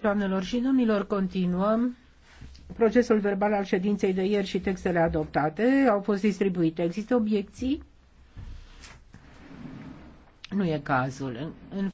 Doamnelor și domnilor, continuăm. Procesul verbal al ședinței de ieri și textele adoptate au fost distribuite. Există obiecții? Nu e cazul. În